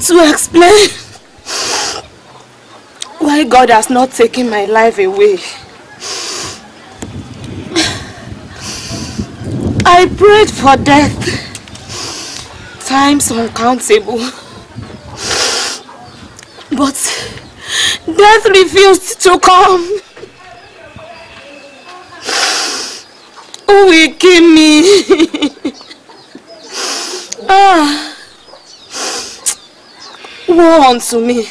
to explain why God has not taken my life away. I prayed for death times uncountable. But death refused to come. Uweke me, ah. Woe unto me.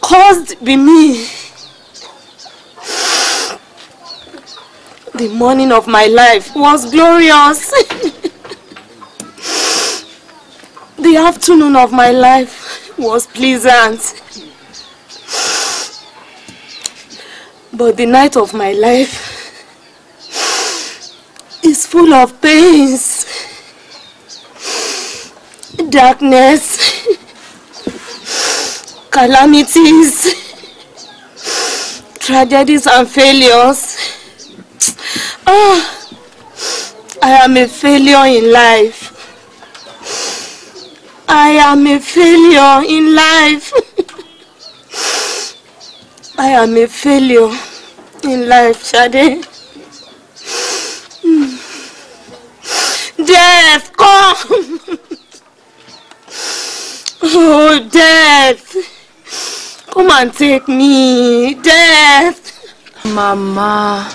Caused be me. The morning of my life was glorious. the afternoon of my life was pleasant. But the night of my life is full of pains, darkness, calamities, tragedies and failures. oh, I am a failure in life. I am a failure in life. I am a failure in life, Shade. Death, come! oh, death! Come and take me, death! Mama,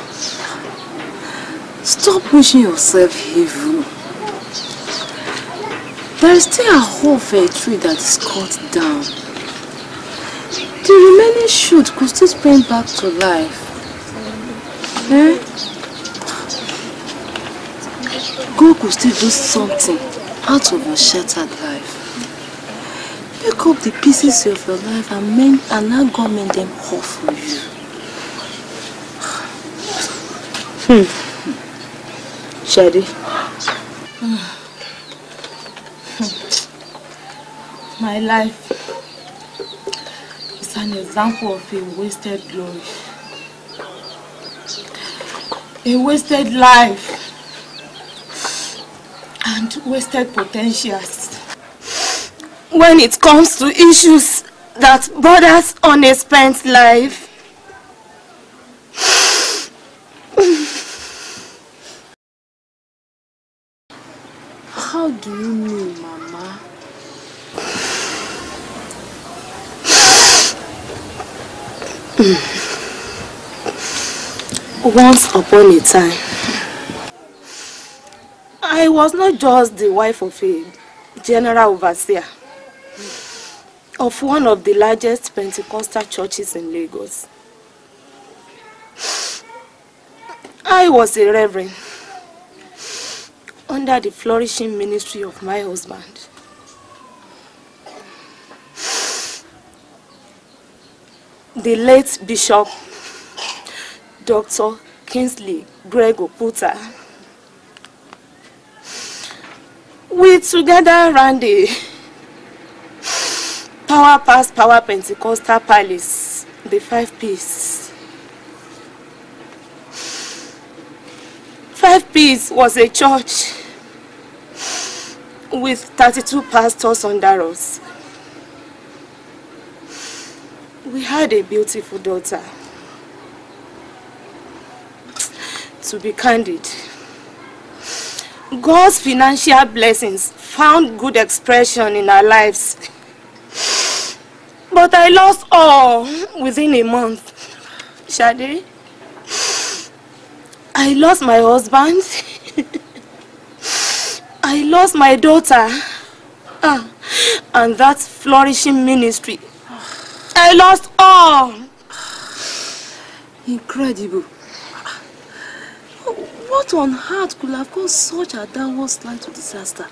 stop wishing yourself evil. There is still a hope for a tree that is cut down. The remaining shoot could still spring back to life. Eh? God could still do something out of your shattered life. Pick up the pieces of your life and, men, and now God mend them all for you. Hmm. Shadi. Hmm. My life is an example of a wasted glory. A wasted life. and wasted potentials when it comes to issues that borders on a spent life. How do you mean, Mama? Once upon a time, I was not just the wife of a general overseer of one of the largest Pentecostal churches in Lagos. I was a reverend under the flourishing ministry of my husband. The late Bishop Dr. Kingsley Greg Oputa We together ran the Power Pass Power Pentecostal Palace, the five Piece. Five Piece was a church with thirty-two pastors under us. We had a beautiful daughter. To be candid, God's financial blessings found good expression in our lives. But I lost all within a month. Shade, I lost my husband. I lost my daughter. Ah, and that flourishing ministry. I lost all. Incredible. What on earth could have caused such a downward slide to disaster?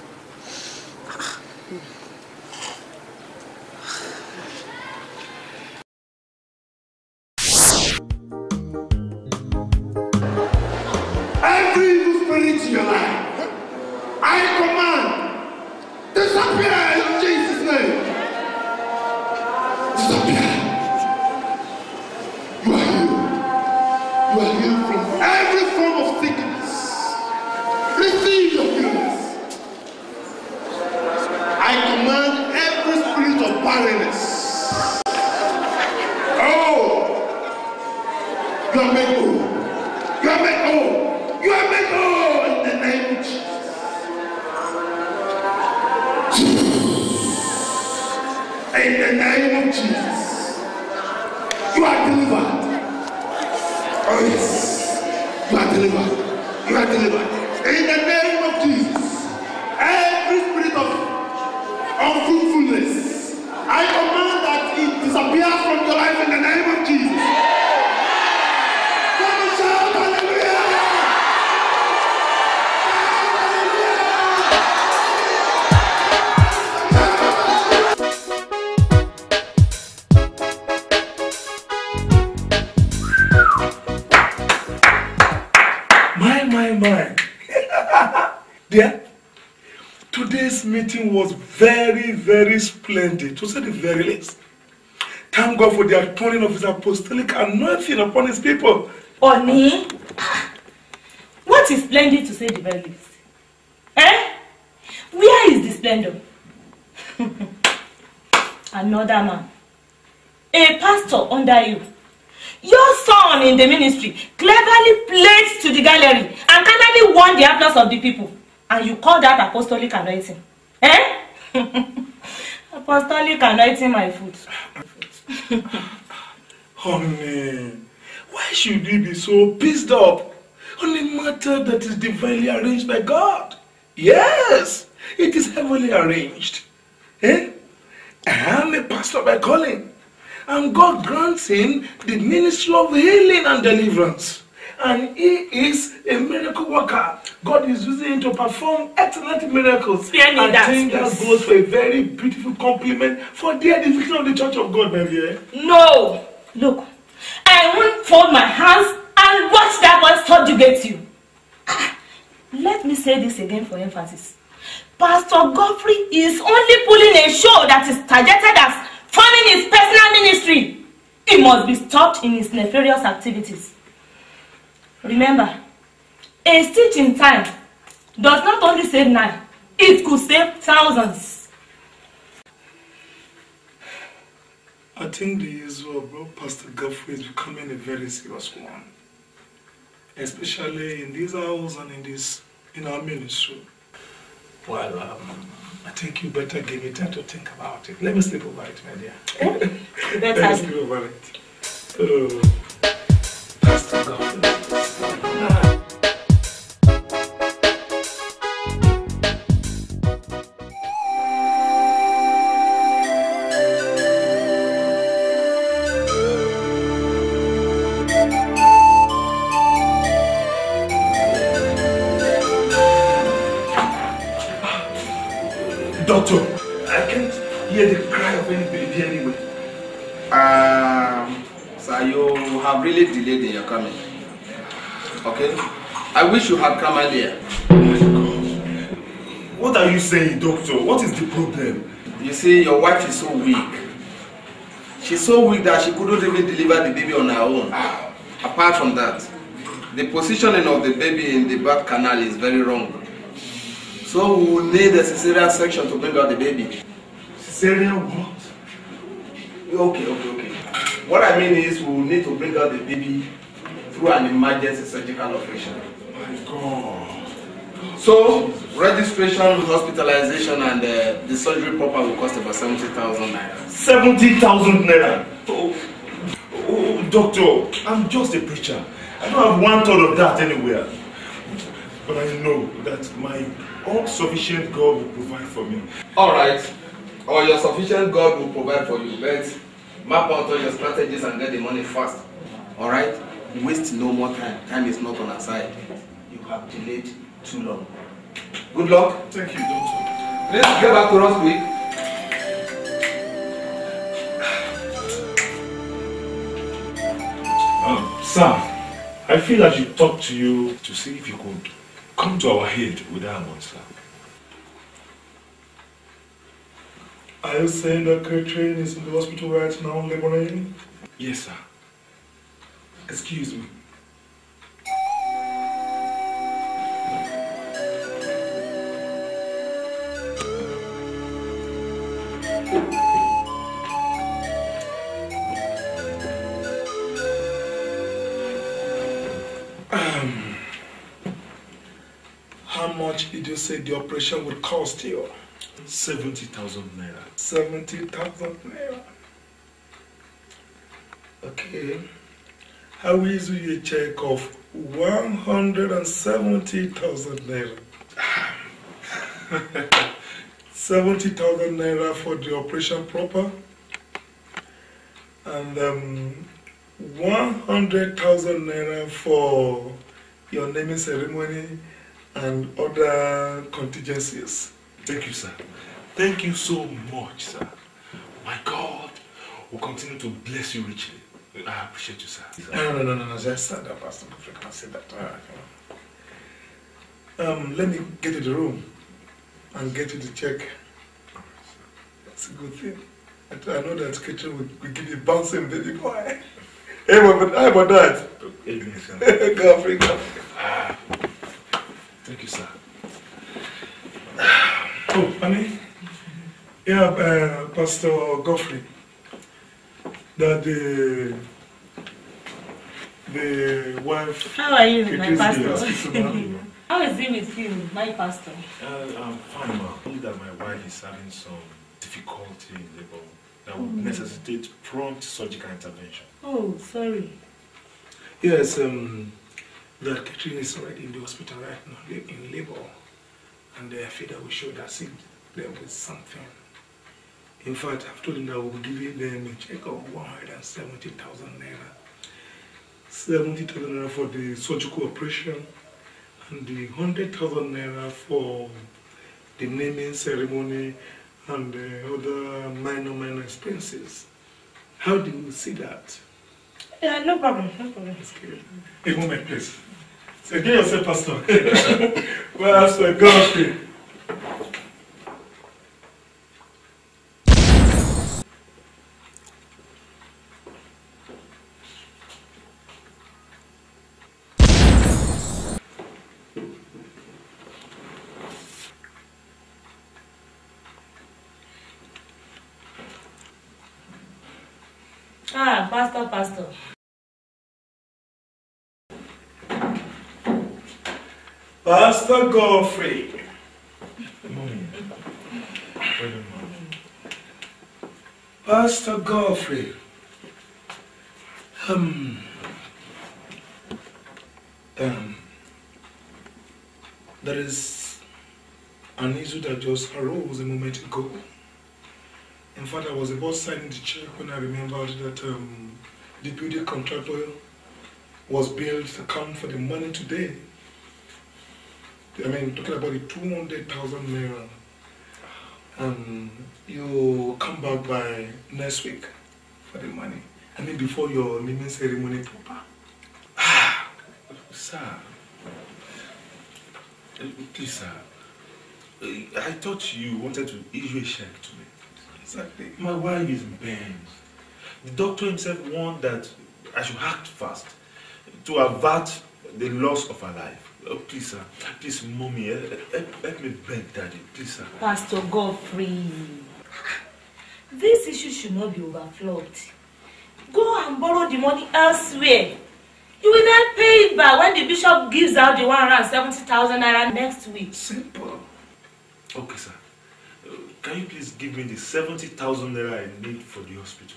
Very, very splendid, to say the very least. Thank God for the outpouring of his apostolic anointing upon his people. Oni, what is splendid to say the very least? Eh? Where is the splendor? Another man, a pastor under you. Your son in the ministry cleverly played to the gallery and cleverly won the applause of the people. And you call that apostolic anointing. Eh? Apostolic anointing my foot. Honey, why should we be so pissed up Only matter that is divinely arranged by God? Yes, it is heavenly arranged. Eh? I am a pastor by calling, and God grants him the ministry of healing and deliverance and he is a miracle worker. God is using him to perform excellent miracles. Really I that, think yes. that goes for a very beautiful compliment for the edification of the church of God, baby. No, look, I won't fold my hands and watch that one subjugate you. Ah, let me say this again for emphasis. Pastor Godfrey is only pulling a show that is targeted as forming his personal ministry. He must be stopped in his nefarious activities. Remember, a stitch in time does not only save nine, it could save thousands. I think the issue about Pastor Gaffrey is becoming a very serious one, especially in these hours and in this in our ministry. Well, um, I think you better give me time to think about it. Let me sleep over it, my dear. Let me sleep over it. Oh. Pastor baby anyway. Um, so you have really delayed in your coming. Okay? I wish you had come earlier. What are you saying, doctor? What is the problem? You see, your wife is so weak. She's so weak that she couldn't even deliver the baby on her own. Apart from that, the positioning of the baby in the birth canal is very wrong. So we will need a cesarean section to bring out the baby. Cesarean what? Okay, okay, okay. What I mean is we will need to bring out the baby through an emergency surgical operation. My God. So, registration, hospitalization, and uh, the surgery proper will cost about 70,000 naira. 70,000 naira? Oh, oh, oh, doctor, I'm just a preacher. I don't have one third of that anywhere. But I know that my all-sufficient God will provide for me. All right. Or your sufficient God will provide for you, but Map out all your strategies and get the money fast. All right? Waste no more time. Time is not on our side. You have delayed too long. Good luck. Thank you, Doctor. Please get back to us quick. Um, sir, I feel I should talk to you to see if you could come to our aid with our one, sir. Are you saying that Catherine is in the hospital right now, Lebanon? Yes, sir. Excuse me. Um, how much did you say the operation would cost you? 70,000 naira. 70,000 naira. Okay. How is a check of 170,000 naira? 70,000 naira for the operation proper and um, 100,000 naira for your naming ceremony and other contingencies. Thank you, sir. Thank you so much, sir. My God will continue to bless you richly. I appreciate you, sir. No, no, no, no, no. Just stand up, Pastor Mufrek. I said that. Um, let me get to the room and get you the check. That's a good thing. I, I know that kitchen will, will give you bouncing baby boy. Hey, but I about that. Amen, Godfrey. Thank you, sir company, yeah, uh, Pastor Godfrey, that the the wife. How are you, my pastor? How is he with you, my pastor? Uh, I'm fine, ma. I that my wife is having some difficulty in labor that would mm. necessitate prompt surgical intervention. Oh, sorry. Yes, um, that Katrina is already in the hospital right now, in labor and I feel that we should seen there was something. In fact, I've told them that we'll give them a check of 170,000 naira. 70,000 naira for the surgical operation and the 100,000 naira for the naming ceremony and the other minor, minor expenses. How do you see that? Uh, no problem, no problem. Excuse me. A moment, please. Você quem é você, pastor? pastor, é golpe. Ah, pastor, pastor. Pastor Godfrey. Pastor Godfrey. Um, um, there is an issue that just arose a moment ago. In fact, I was about signing the check when I remembered that um, the building contractor was billed to come for the money today. I mean, talking about the 200,000 naira, and you come back by next week for the money. I mean, before your naming ceremony proper. Ah, sir. Please, sir. I thought you wanted to issue a check to me. Exactly. My wife is in pain. The doctor himself warned that I should act fast to avert the loss of her life. Oh, please, sir. Please, mommy, help, help me beg daddy. Please, sir. Pastor Godfrey, this issue should not be overflowed. Go and borrow the money elsewhere. You will then pay it back when the bishop gives out the 170,000 naira next week. Simple. Okay, sir. Uh, can you please give me the 70,000 naira I need for the hospital?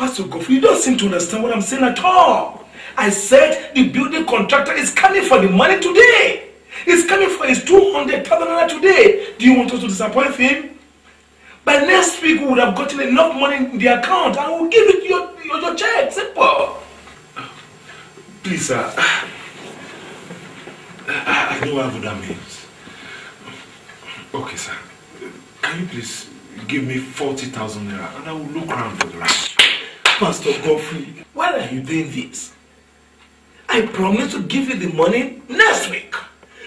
Pastor Goffrey, you don't seem to understand what I'm saying at all. I said the building contractor is coming for the money today. He's coming for his 200,000 naira today. Do you want us to disappoint him? By next week, we would have gotten enough money in the account and we'll give it your, your, your check. Simple. Please, sir. I, I don't have what that means. Okay, sir. Can you please give me 40,000 naira and I will look around for the rest? Pastor Godfrey, why are you doing this? I promise to give you the money next week.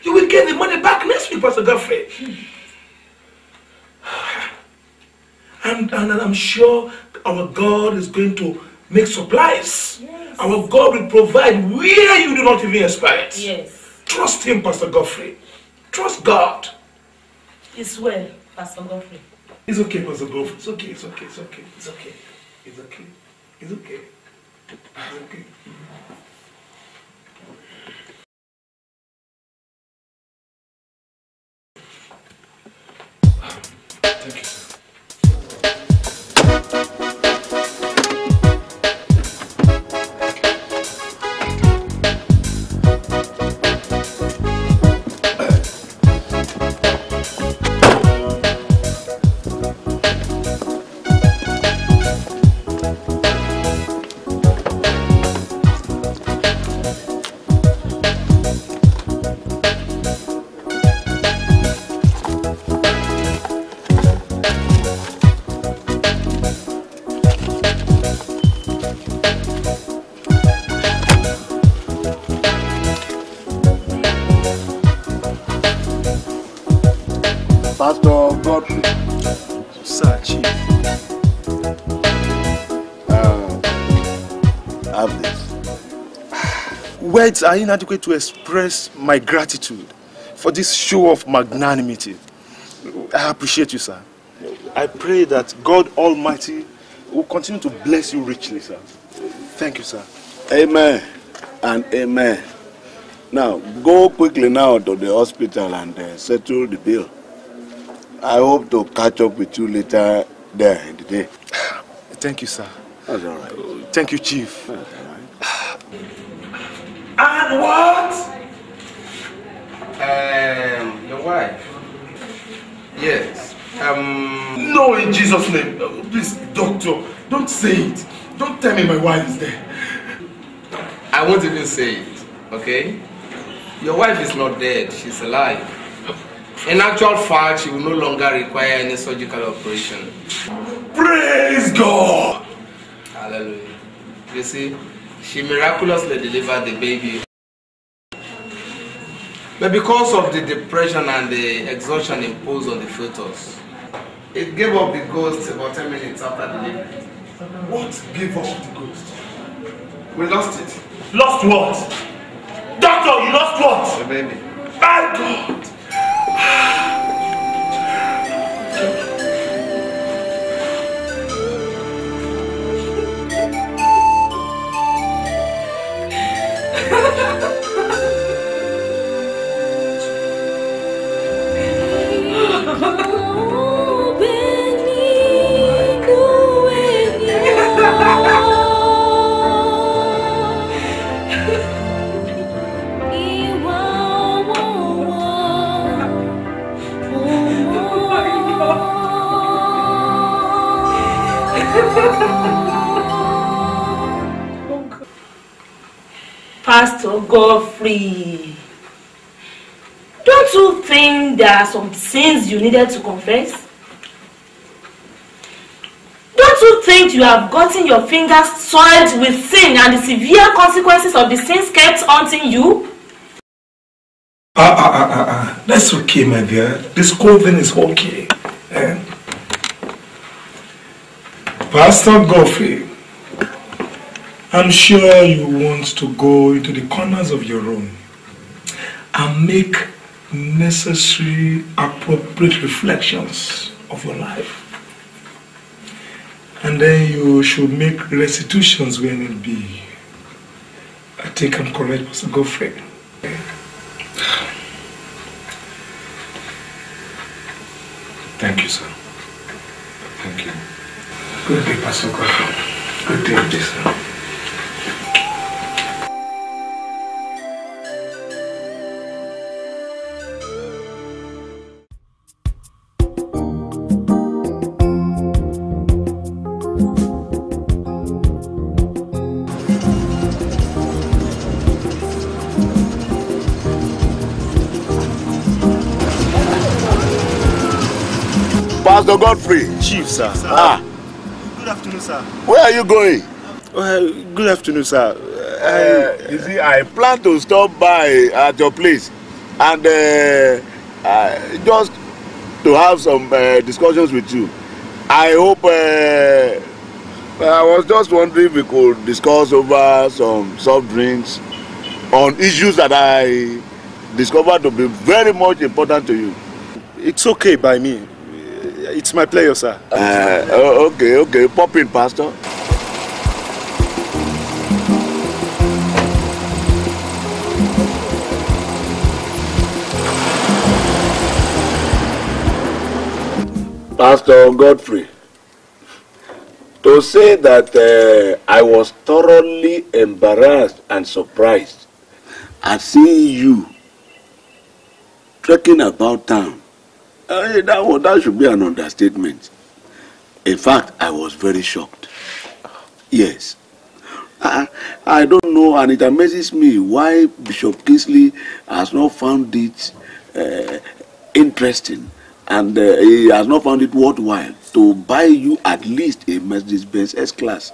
You will get the money back next week, Pastor Godfrey. and, and, I'm sure our God is going to make supplies. Yes. Our God will provide where you do not even expect. Yes. Trust Him, Pastor Godfrey. Trust God. It's well, Pastor Godfrey. It's okay, Pastor Godfrey. It's okay, it's okay, it's okay, it's okay. It's okay. que okay Thank you. words are inadequate to express my gratitude for this show of magnanimity. I appreciate you, sir. I pray that God Almighty will continue to bless you richly, sir. Thank you, sir. Amen and amen. Now, go quickly now to the hospital and uh, settle the bill. I hope to catch up with you later there in the day. Thank you, sir. That's all right. Thank you, Chief. Yeah what? Um, your wife. Yes. Um. No, in Jesus' name. Uh, please, doctor, don't say it. Don't tell me my wife is there. I won't even say it, okay? Your wife is not dead, she's alive. In actual fact, she will no longer require any surgical operation. Praise God! Hallelujah. You see, she miraculously delivered the baby. But because of the depression and the exhaustion imposed on the fetus, it gave up the ghost about 10 minutes after delivery. What gave up the ghost? We lost it. Lost what? Doctor, you lost what? The baby. My God! Pastor Godfrey, don't you think there are some sins you needed to confess? Don't you think you have gotten your fingers soiled with sin and the severe consequences of the sins kept haunting you? Ah, ah, ah, ah, ah. That's okay, my dear. This cold thing is okay. Pastor Godfrey, I'm sure you want to go into the corners of your room and make necessary, appropriate reflections of your life. And then you should make restitutions when it be. I think I'm correct, Pastor Godfrey. Thank you, sir. Thank you. que te pasó, corazón? ¿Qué te empieza? Pastor Godfrey. Chief, sir. Ah sir. Where are you going? Well, uh, good afternoon, sir. Uh, you see, I plan to stop by at your place and uh, uh, just to have some uh, discussions with you. I hope uh, I was just wondering if we could discuss over some soft drinks on issues that I discovered to be very much important to you. It's okay by me it's my pleasure, sir. Uh, okay, okay. Pop in, Pastor. Pastor Godfrey, to say that uh, I was thoroughly embarrassed and surprised at seeing you trekking about town Uh, that, well, that should be an understatement. In fact, I was very shocked. Yes. I, I don't know, and it amazes me why Bishop Kingsley has not found it uh, interesting and uh, he has not found it worthwhile to buy you at least a Mercedes-Benz S-Class.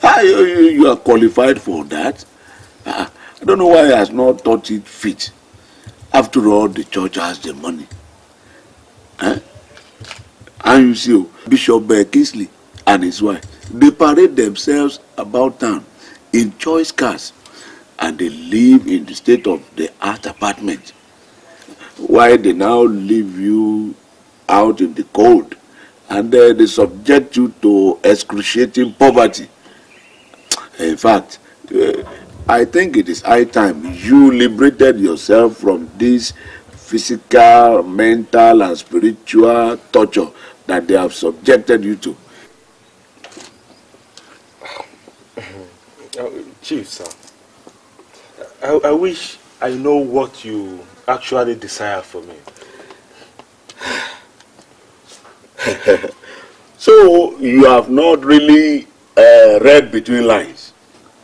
Ah, you, you, are qualified for that. Ah, I don't know why he has not thought it fit. After all, the church has the money. IUCO, Bishop uh, Kingsley and his wife. They parade themselves about town in choice cars and they live in the state of the art apartment. Why they now leave you out in the cold and then they subject you to excruciating poverty. In fact, uh, I think it is high time you liberated yourself from this physical, mental, and spiritual torture that they have subjected you to. Oh, chief, sir, I, I wish I know what you actually desire for me. so you have not really uh, read between lines.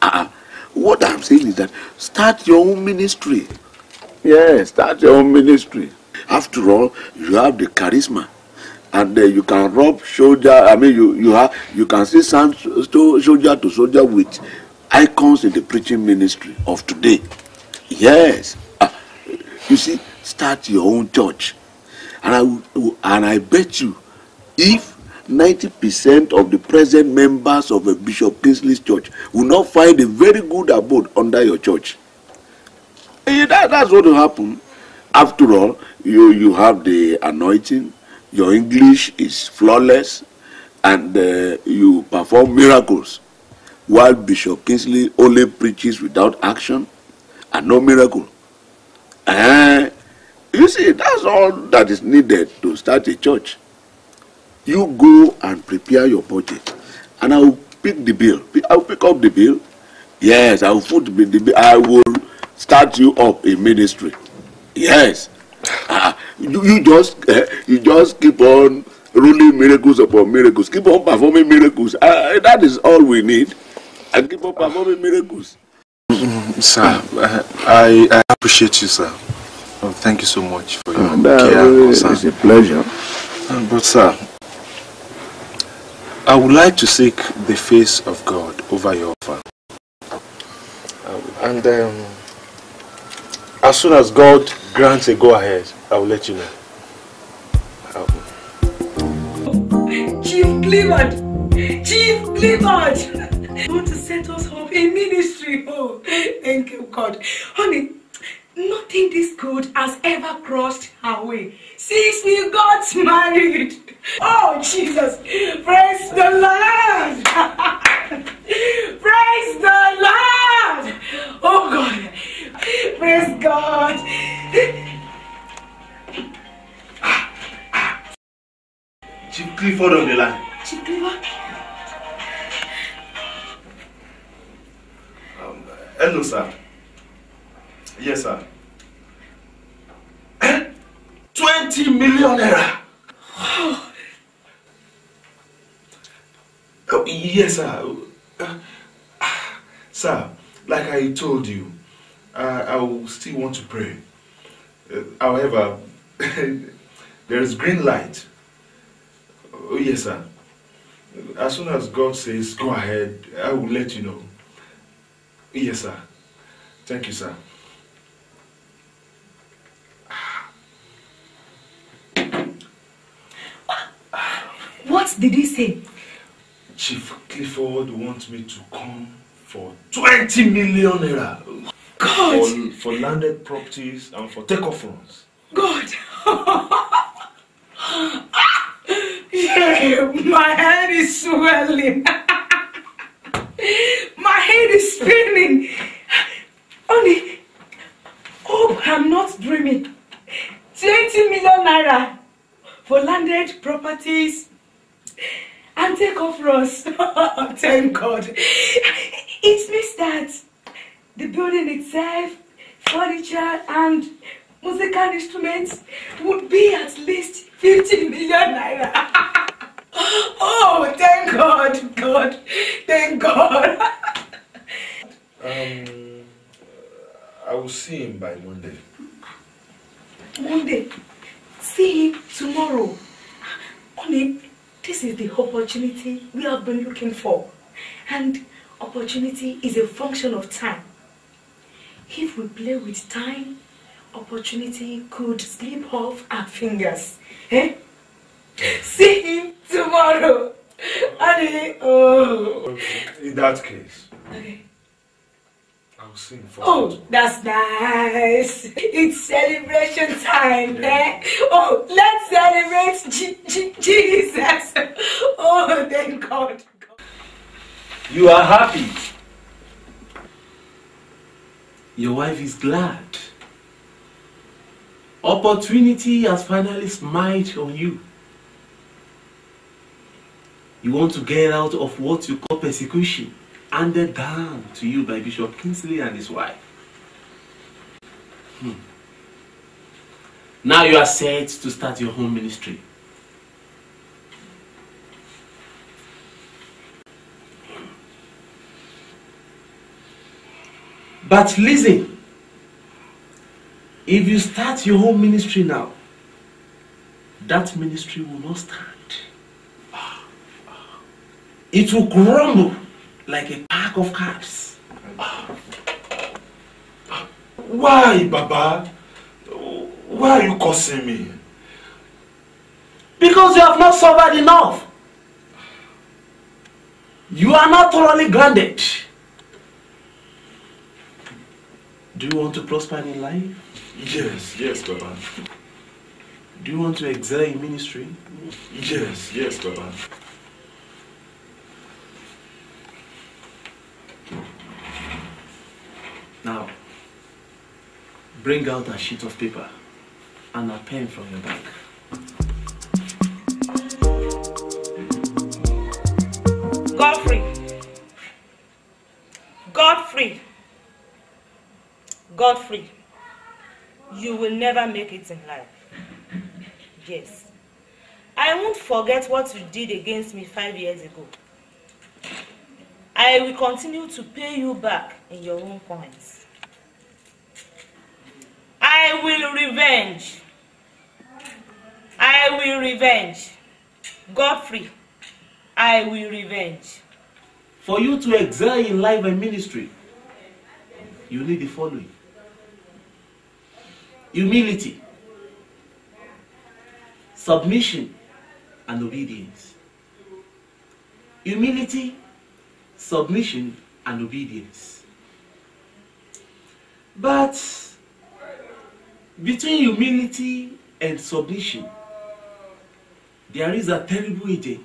uh What I'm saying is that start your own ministry. Yes, start your own ministry. After all, you have the charisma and uh, you can rub soldier. i mean you you have you can see some soldier to soldier with icons in the preaching ministry of today yes uh, you see start your own church and i and i bet you if ninety percent of the present members of a bishop kingsley's church will not find a very good abode under your church eh, that, that's what will happen after all you you have the anointing your English is flawless and uh, you perform miracles while Bishop Kingsley only preaches without action and no miracle. Uh, you see, that's all that is needed to start a church. You go and prepare your budget, and I will pick the bill. I will pick up the bill. Yes, I will put the bill. I will start you up in ministry. Yes. Uh, you, you just uh, you just keep on ruling miracles upon miracles keep on performing miracles uh, that is all we need and keep on performing miracles. sir I, I appreciate you sir oh, thank you so much for your and, uh, care it's a pleasure uh, but sir I would like to seek the face of God over your offer um, and um, as soon as God grants a go ahead I will let you know. I'll... Chief Clifford! Chief Clifford! You want to set us up in ministry? Oh, thank you, God. Honey, nothing this good has ever crossed our way since we got married. Oh, Jesus! Praise the Lord! forward on the line. Um, hello, sir. Yes, sir. Eh? 20 million naira. oh, yes, sir. Uh, sir, like I told you, uh, I will still want to pray. Uh, however, there is green light Oh, yes, sir. As soon as God says, go ahead, I will let you know. Yes, sir. Thank you, sir. What did he say? Chief Clifford wants me to come for 20 million naira. God! For, for landed properties and for takeoff funds. God! my head is swelling. my head is spinning. Only, hope I'm not dreaming. 20 million naira for landed properties and take off us. Thank God. It means that the building itself, furniture and musical instruments would be at least 50 million naira. Oh, thank God, God, thank God. um, I will see him by Monday. Monday? See him tomorrow. Only this is the opportunity we have been looking for. And opportunity is a function of time. If we play with time, opportunity could slip off our fingers. Eh? See him tomorrow. And oh. In that case. Okay. I'll sing for Oh, that's nice. It's celebration time, yeah. eh? Oh, let's celebrate G G Jesus. Oh, thank God. You are happy. Your wife is glad. Opportunity has finally smiled on you. You want to get out of what you call persecution handed down to you by Bishop Kingsley and his wife. Hmm. Now you are set to start your home ministry. But listen, if you start your home ministry now, that ministry will not stand. it will crumble like a pack of cards. Why, Baba? Why are you cursing me? Because you have not suffered enough. You are not thoroughly grounded. Do you want to prosper in life? Yes, yes, Baba. Do you want to excel in ministry? Yes, yes, Baba. Now, bring out a sheet of paper and a pen from your bag. Godfrey. Godfrey. Godfrey. You will never make it in life. Yes. I won't forget what you did against me five years ago. I will continue to pay you back in your own coins. I will revenge. I will revenge. Godfrey, I will revenge. For you to excel in life and ministry, you need the following humility, submission, and obedience. Humility submission, and obedience. But between humility and submission, there is a terrible agent.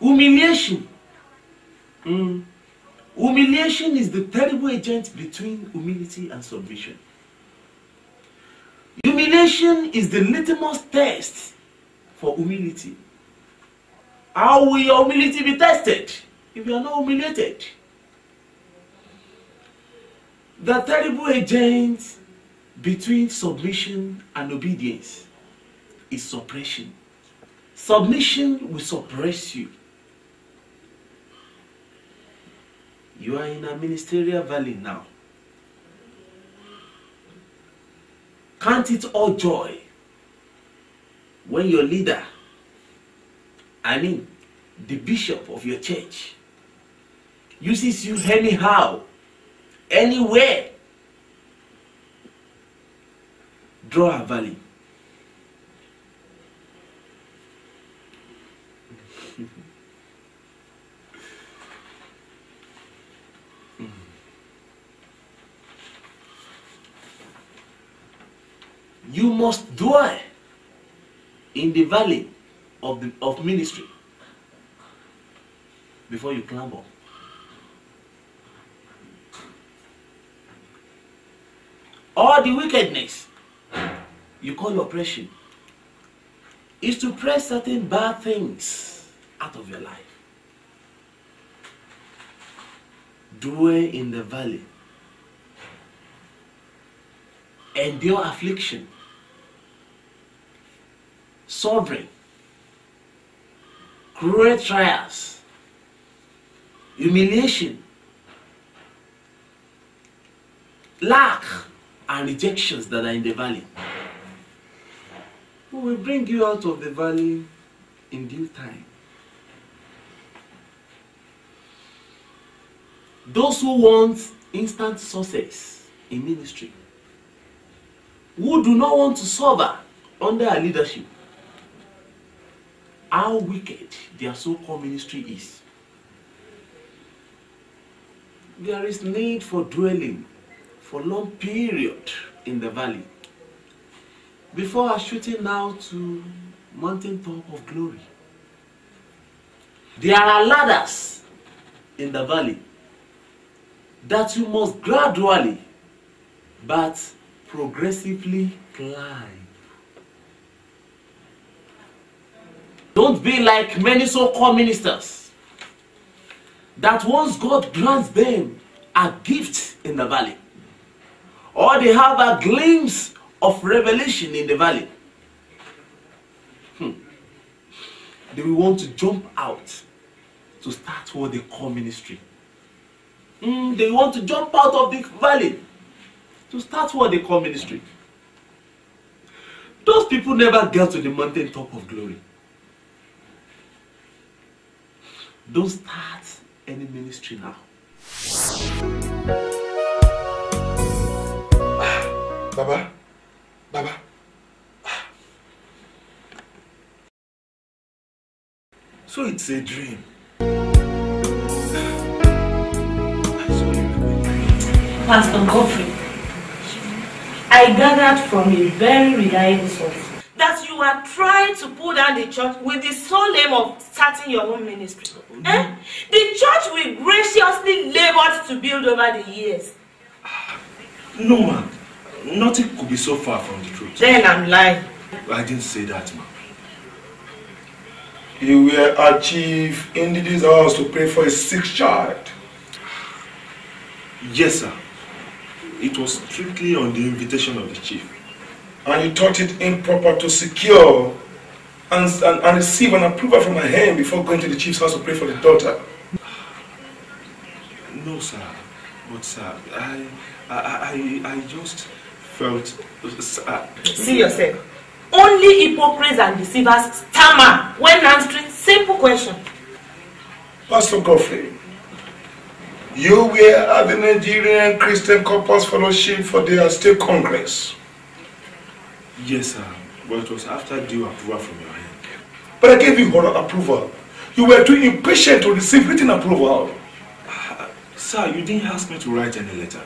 Humiliation. Mm. Humiliation is the terrible agent between humility and submission. Humiliation is the litmus test for humility. How will your humility be tested if you are not humiliated? The terrible agent between submission and obedience is suppression. Submission will suppress you. You are in a ministerial valley now. Count it all joy when your leader I mean, the bishop of your church uses you anyhow, anywhere, draw a valley. you must dwell in the valley of, the, of ministry before you climb up. All the wickedness you call oppression is to press certain bad things out of your life. Dwell in the valley. Endure affliction. Sovereign cruel trials, humiliation, lack, and rejections that are in the valley. We will bring you out of the valley in due time. Those who want instant success in ministry, who do not want to suffer under our leadership, how wicked their so-called ministry is. There is need for dwelling for long period in the valley before are shooting now to mountain top of glory. There are ladders in the valley that you must gradually but progressively climb. Don't be like many so-called ministers that once God grants them a gift in the valley or they have a glimpse of revelation in the valley, hmm, they will want to jump out to start what they call ministry. Mm, they want to jump out of the valley to start what they call ministry. Those people never get to the mountain top of glory. Don't start any ministry now. Baba, Baba. So it's a dream. Pastor Godfrey, I gathered from a very reliable source that you are trying to pull down the church with the sole name of starting your own ministry. Mm -hmm. eh? The church we graciously labored to build over the years. No, ma'am. Nothing could be so far from the truth. Then I'm lying. I didn't say that, ma'am. You will achieve in this house to pray for a sick child. Yes, sir. It was strictly on the invitation of the chief. And you thought it improper to secure and, and, and receive an approval from her hand before going to the chief's house to pray for the daughter. No, sir. But, sir, I, I, I, I just felt... See yourself. Only hypocrites and deceivers stammer when answering simple questions. Pastor Godfrey, you were at the Nigerian Christian Corpus Fellowship for the State Congress. Yes, sir. Well, it was after due approval from your But I gave you oral approval. You were too impatient to receive written approval. sir, you didn't ask me to write any letter.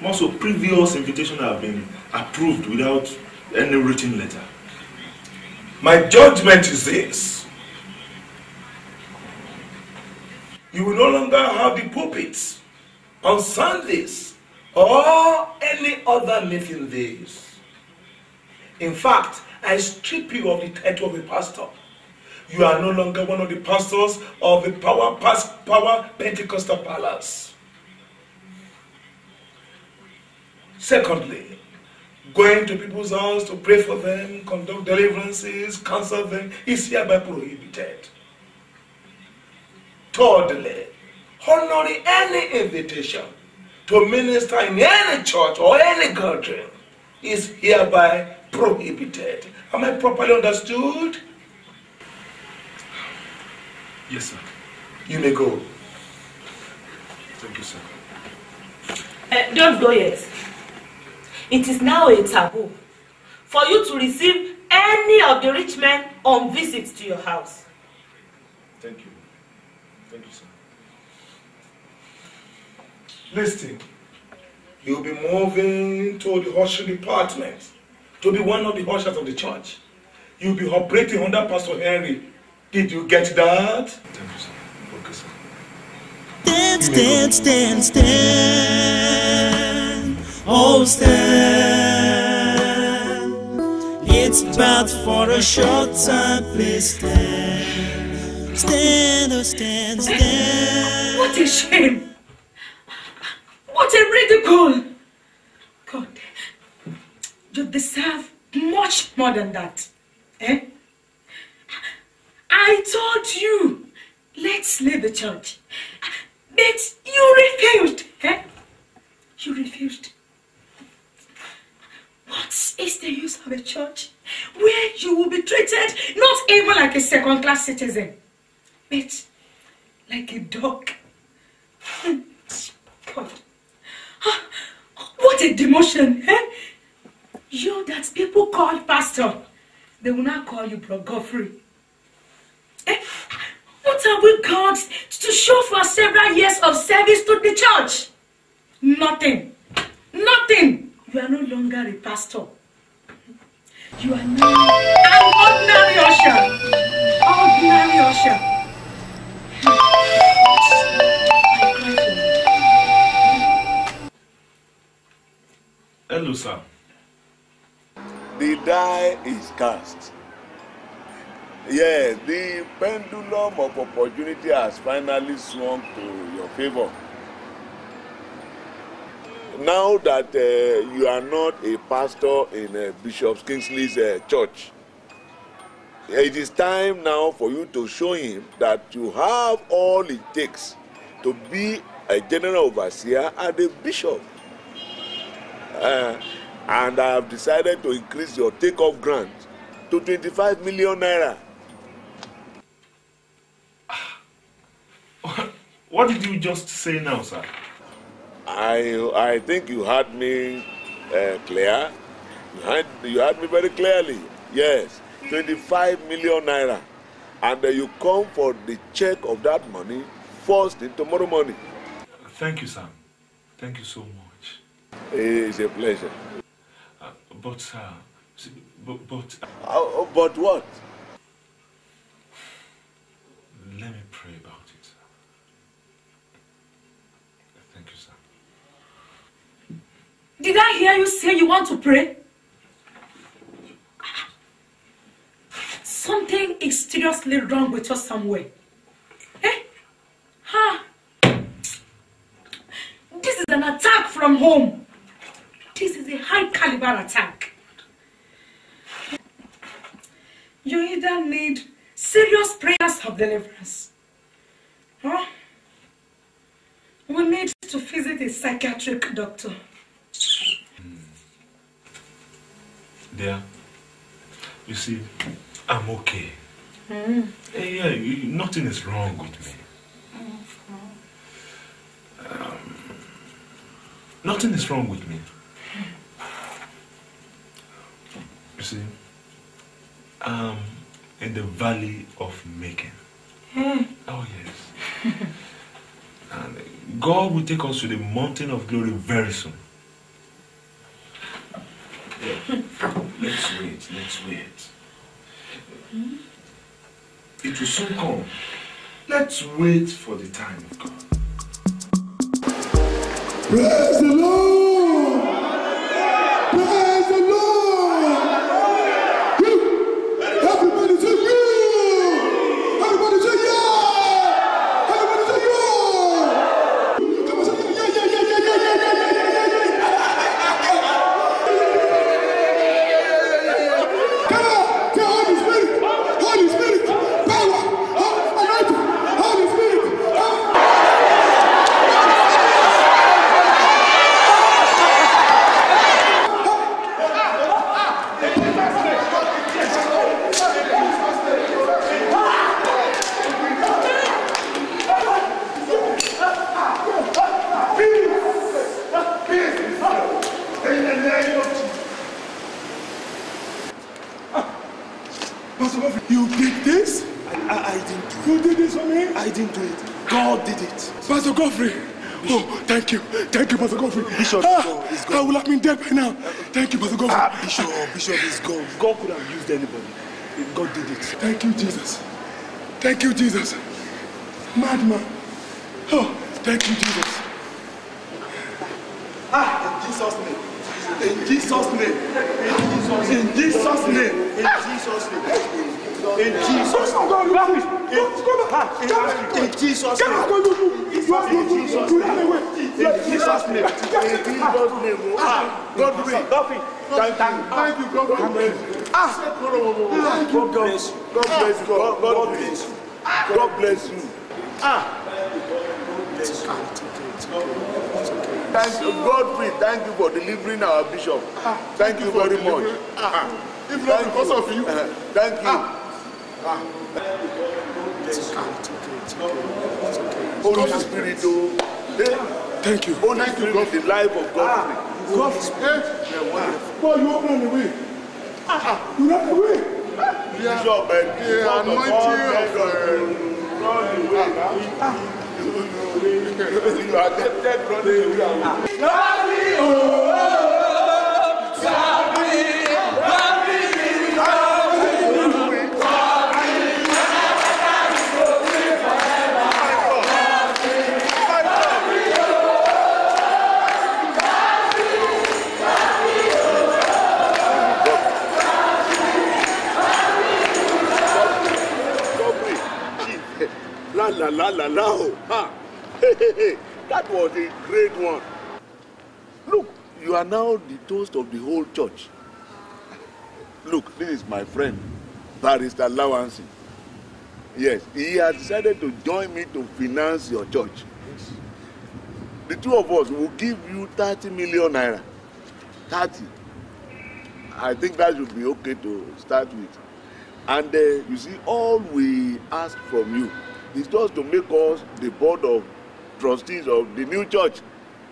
Most of previous invitations have been approved without any written letter. My judgment is this. You will no longer have the pulpits on Sundays or any other meeting days. In fact, I strip you of the title of a pastor You are no longer one of the pastors of the Power, past, power Pentecostal Palace. Secondly, going to people's house to pray for them, conduct deliverances, counsel them is hereby prohibited. Thirdly, honoring any invitation to minister in any church or any gathering is hereby prohibited. Am I properly understood? Yes, sir. You may go. Thank you, sir. Uh, don't go yet. It is now a taboo for you to receive any of the rich men on visits to your house. Thank you. Thank you, sir. Listen, you'll be moving to the usher department to be one of the hushers of the church. You'll be operating under Pastor Henry Did you get that? Dance, dance, dance, dance. Oh, stand. It's bad for a short time, please stand. Stand, oh, stand, stand. What a shame! What a ridicule! God, you deserve much more than that. Eh? I told you, let's leave the church. But you refused. Eh? You refused. What is the use of a church where you will be treated not even like a second-class citizen, but like a dog? God. What a demotion, eh? You that people call pastor, they will not call you Godfrey. What have we got to show for several years of service to the church? Nothing. Nothing. You are no longer a pastor. You are now an ordinary usher. Ordinary usher. Hello, sir. The die is cast. Yeah, the pendulum of opportunity has finally swung to your favour. Now that uh, you are not a pastor in uh, Bishop Kingsley's uh, church, it is time now for you to show him that you have all it takes to be a general overseer and a bishop. Uh, and I have decided to increase your take-off grant to twenty-five million naira. What did you just say now, sir? I, I think you heard me uh, clear. You heard, you heard me very clearly. Yes, 25 million naira. And uh, you come for the check of that money first in tomorrow morning. Thank you, sir. Thank you so much. It's a pleasure. Uh, but, sir, uh, but... But, uh, uh, but what? Let me pray. Did I hear you say you want to pray? Something is seriously wrong with you somewhere. Eh? Huh? This is an attack from home. This is a high caliber attack. You either need serious prayers of deliverance. Huh? We need to visit a psychiatric doctor. There. You see, I'm okay. Mm. Eh, yeah, nothing is wrong with me. Um, nothing is wrong with me. You see, I'm in the valley of making. Mm. Oh, yes. and God will take us to the mountain of glory very soon. Yeah. Let's wait, let's wait. Hmm? It will soon come. Let's wait for the time of God. Praise the Lord! Bishop ah, is gone. I would have been dead by now. Thank you, Father God. Ah, Bishop, Bishop is gone. God could have used anybody. God did it. Thank you, Jesus. Thank you, Jesus. Madman. Oh, thank you, Jesus. Ah, in Jesus' name. In Jesus' name. In Jesus' name. In Jesus' name. In Jesus' name. In Jesus' name. In Jesus' name. In Jesus' name. in Jesus' name. In Jesus' name. In Jesus' name. Ah, Godfrey. Godfrey. Thank you. Thank you. God bless you. Ah, thank you. God bless you. God bless you. God bless you. God bless you. Ah. Thank you, Godfrey. Thank you for delivering our bishop. Ah. Thank you very much. Ah. Ah. If not because of you. Uh-huh. Thank you. It's okay, Holy Spirit, oh. Thank you. Oh, thank you, God, the life of God. Ah, Spirit. Eh? God, you open the way. Ah, ah, you know the way. Yeah. Yeah. Yeah. Anointing. You are tempted, brother. Love me, oh, oh, oh, oh, oh, oh, oh, oh la la la oh. Ha. that was a great one. Look, you are now the toast of the whole church. Look, this is my friend, Barrister Lawansi. Yes, he has decided to join me to finance your church. Yes. The two of us will give you 30 million naira. 30. I think that should be okay to start with. And uh, you see, all we ask from you is just to make us the board of trustees of the new church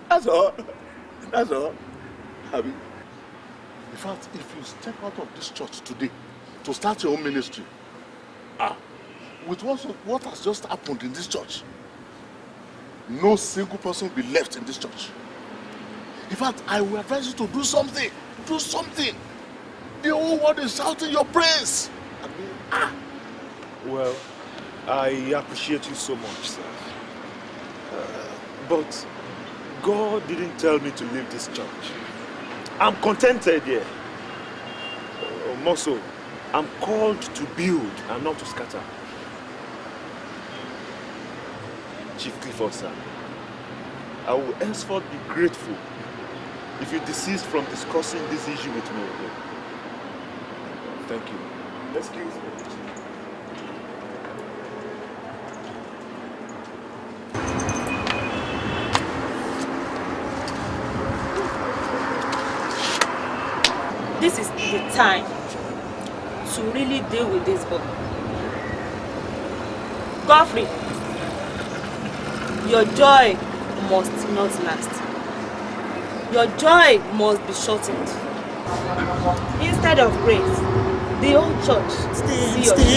that's all that's all abi. in fact if you step out of this church today to start your own ministry ah with what what has just happened in this church no single person will be left in this church in fact i will advise you to do something do something the whole world is shouting your praise. I mean, ah. well I appreciate you so much, sir. Uh, but God didn't tell me to leave this church. I'm contented here. Uh, more so, I'm called to build and not to scatter. Chief Clifford, sir, I will henceforth be grateful if you desist from discussing this issue with me again. Thank you. Excuse me. time to really deal with this book. Godfrey, your joy must not last. Your joy must be shortened. Instead of grace, the old church see your